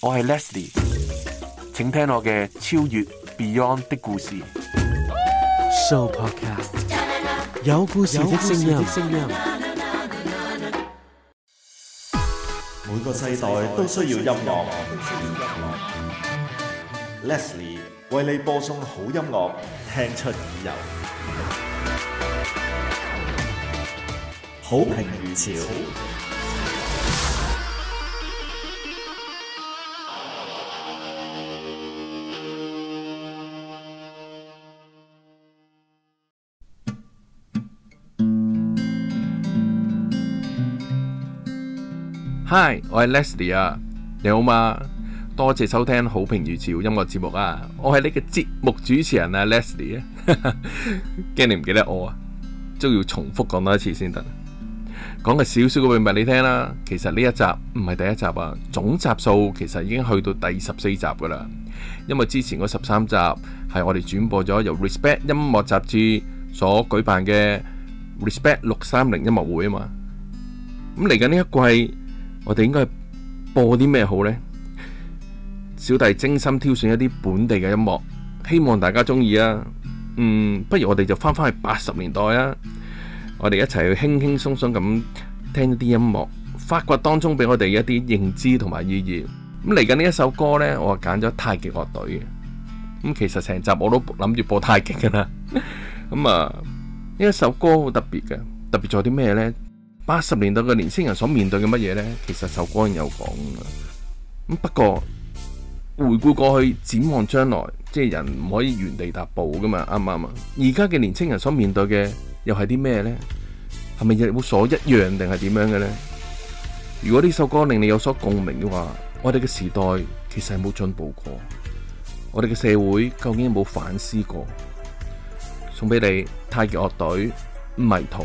我係 Leslie，請聽我嘅超越 Beyond 的故事。Show podcast 有故事的聲音。每個世代都需要音樂。Leslie 為你播送好音樂，聽出耳油，好評如潮。Hi，我係 Leslie 啊。你好嘛？多謝收聽《好評如潮》音樂節目啊。我係你嘅節目主持人啊，Leslie 啊，驚 你唔記得我啊，都要重複講多一次先得。講個少少嘅秘密你聽啦。其實呢一集唔係第一集啊，總集數其實已經去到第十四集噶啦。因為之前嗰十三集係我哋轉播咗由 Respect 音樂雜誌所舉辦嘅 Respect 六三零音樂會啊嘛。咁嚟緊呢一季。我哋應該播啲咩好呢？小弟精心挑選一啲本地嘅音樂，希望大家中意啊！嗯，不如我哋就翻返去八十年代啊！我哋一齊去輕輕松鬆咁聽一啲音樂，發掘當中俾我哋一啲認知同埋意義。咁嚟緊呢一首歌呢，我揀咗太極樂隊嘅。咁其實成集我都諗住播太極噶啦。咁啊，呢一首歌好特別嘅，特別做啲咩呢？八十年代嘅年青人所面對嘅乜嘢呢？其實首歌已經有講喇。不過，回顧過去展望將來，即係人唔可以原地踏步噶嘛，啱唔啱啊？而家嘅年青人所面對嘅又係啲咩呢？係咪日有冇所一樣定係點樣嘅呢？如果呢首歌令你有所共鳴嘅話，我哋嘅時代其實係冇進步過，我哋嘅社會究竟有冇反思過？送俾你太極樂隊迷途。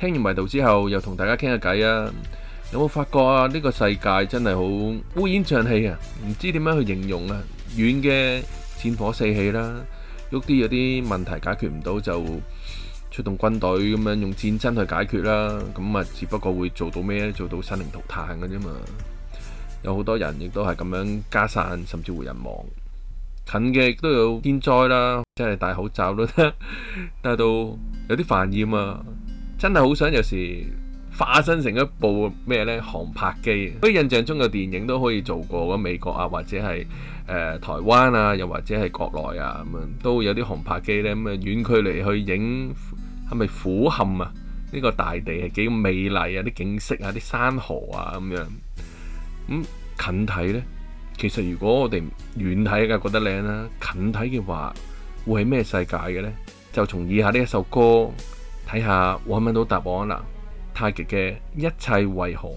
聽完迷道之後，又同大家傾下偈啊！有冇發覺啊？呢個世界真係好烏煙瘴氣啊！唔知點樣去形容啊。遠嘅戰火四起啦，喐啲有啲問題解決唔到就出動軍隊咁樣用戰爭去解決啦。咁啊，只不過會做到咩？做到生靈塗炭嘅啫嘛！有好多人亦都係咁樣家散，甚至乎人亡。近嘅亦都有天災啦，真係戴口罩都得，戴到有啲煩厭啊！真係好想，有時化身成一部咩呢航拍機。我印象中嘅電影都可以做過，美國啊，或者係誒、呃、台灣啊，又或者係國內啊咁樣，都有啲航拍機呢，咁啊遠距離去影，係咪俯瞰啊呢、呢個大地係幾咁美麗啊，啲景色啊，啲山河啊咁樣。咁、嗯、近睇呢，其實如果我哋遠睇嘅覺得靚啦，近睇嘅話會係咩世界嘅呢？就從以下呢一首歌。睇下我可唔可以搵到答案啦？太極嘅一切為何？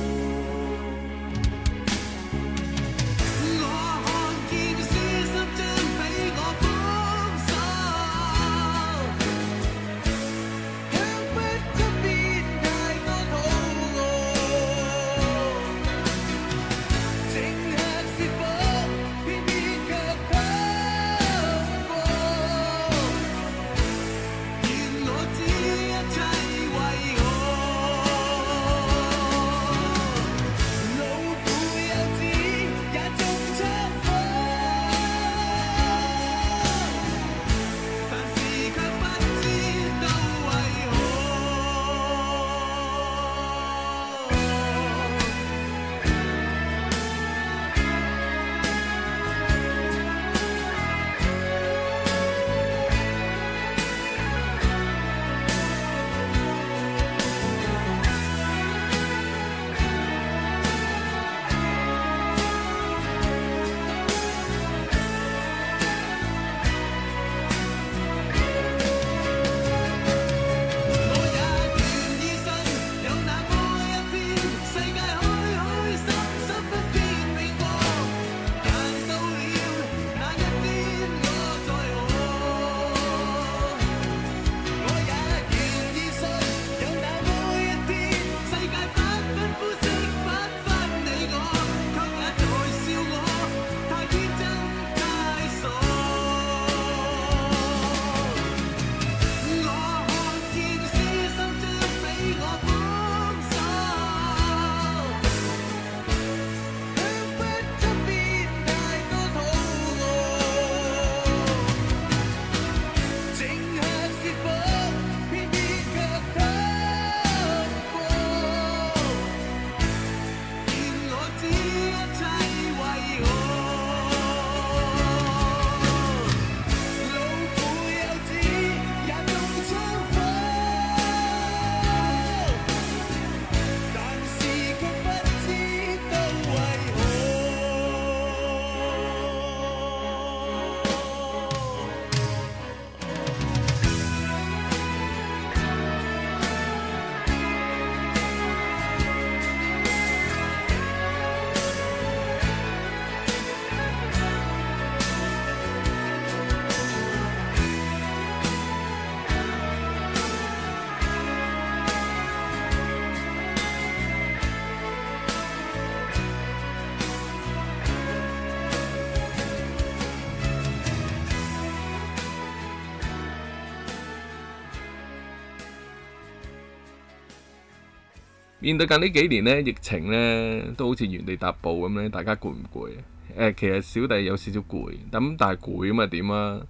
面對近呢幾年呢，疫情呢都好似原地踏步咁呢，大家攰唔攰啊？誒，其實小弟有少少攰，咁但係攰咁啊點啊？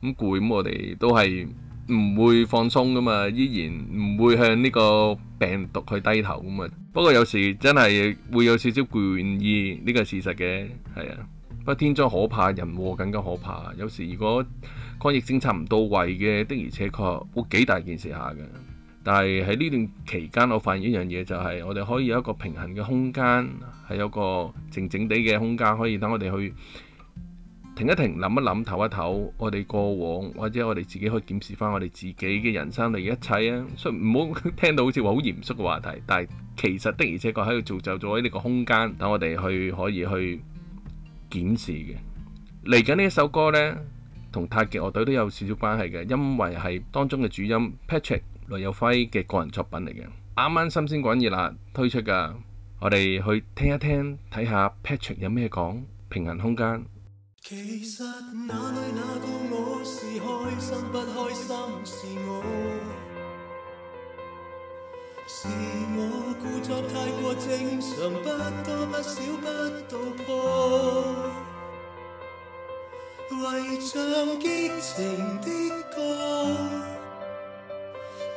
咁攰咁我哋都係唔會放鬆噶嘛，依然唔會向呢個病毒去低頭咁嘛。不過有時真係會有少少倦意，呢個事實嘅，係啊。不過天災可怕，人禍更加可怕。有時如果抗疫政策唔到位嘅，的而且確會幾大件事下嘅。但係喺呢段期間，我發現一樣嘢就係我哋可以有一個平衡嘅空間，係有一個靜靜地嘅空間，可以等我哋去停一停、諗一諗、唞一唞。我哋過往或者我哋自己可以檢視翻我哋自己嘅人生嚟一切啊。雖然唔好聽到好似話好嚴肅嘅話題，但係其實的而且確喺度造就咗呢個空間，等我哋去可以去檢視嘅。嚟緊呢一首歌呢，同太極樂隊都有少少關係嘅，因為係當中嘅主音 Patrick。雷有輝嘅個人作品嚟嘅，啱啱新鮮滾熱辣推出㗎，我哋去聽一聽，睇下 Patrick 有咩講《平衡空間》。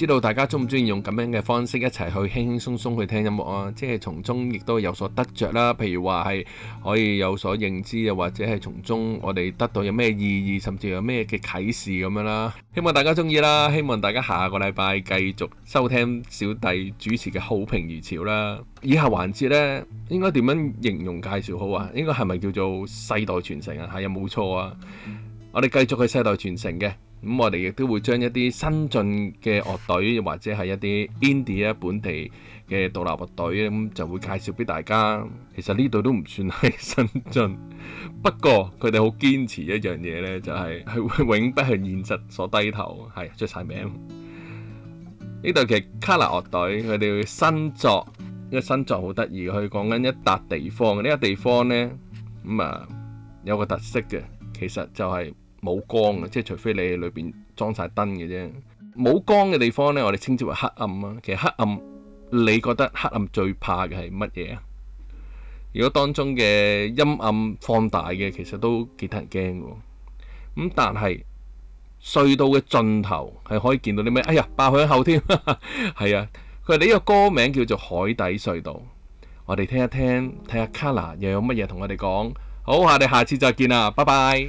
知道大家中唔中意用咁樣嘅方式一齊去輕輕鬆鬆去聽音樂啊？即係從中亦都有所得着啦。譬如話係可以有所認知，又或者係從中我哋得到有咩意義，甚至有咩嘅啟示咁樣啦。希望大家中意啦。希望大家下個禮拜繼續收聽小弟主持嘅好評如潮啦。以下環節呢，應該點樣形容介紹好啊？應該係咪叫做世代傳承啊？係，有冇錯啊？我哋繼續去世代傳承嘅。咁我哋亦都會將一啲新進嘅樂隊，又或者係一啲 Indie 啊本地嘅獨立樂隊，咁就會介紹俾大家。其實呢度都唔算係新進，不過佢哋好堅持一樣嘢咧，就係係會永不向現實所低頭，係出曬名。呢度其實卡拿樂隊，佢哋嘅新作，因為新作好得意，佢講緊一笪地方嘅呢個地方咧，咁啊有個特色嘅，其實就係。冇光嘅，即係除非你裏邊裝晒燈嘅啫。冇光嘅地方呢，我哋稱之為黑暗啊。其實黑暗，你覺得黑暗最怕嘅係乜嘢啊？如果當中嘅陰暗放大嘅，其實都幾得人驚嘅。咁但係隧道嘅盡頭係可以見到啲咩？哎呀，爆響後添係啊。佢哋呢個歌名叫做《海底隧道》，我哋聽一聽，睇下 Kolor 又有乜嘢同我哋講。好，我哋下次再見啦，拜拜。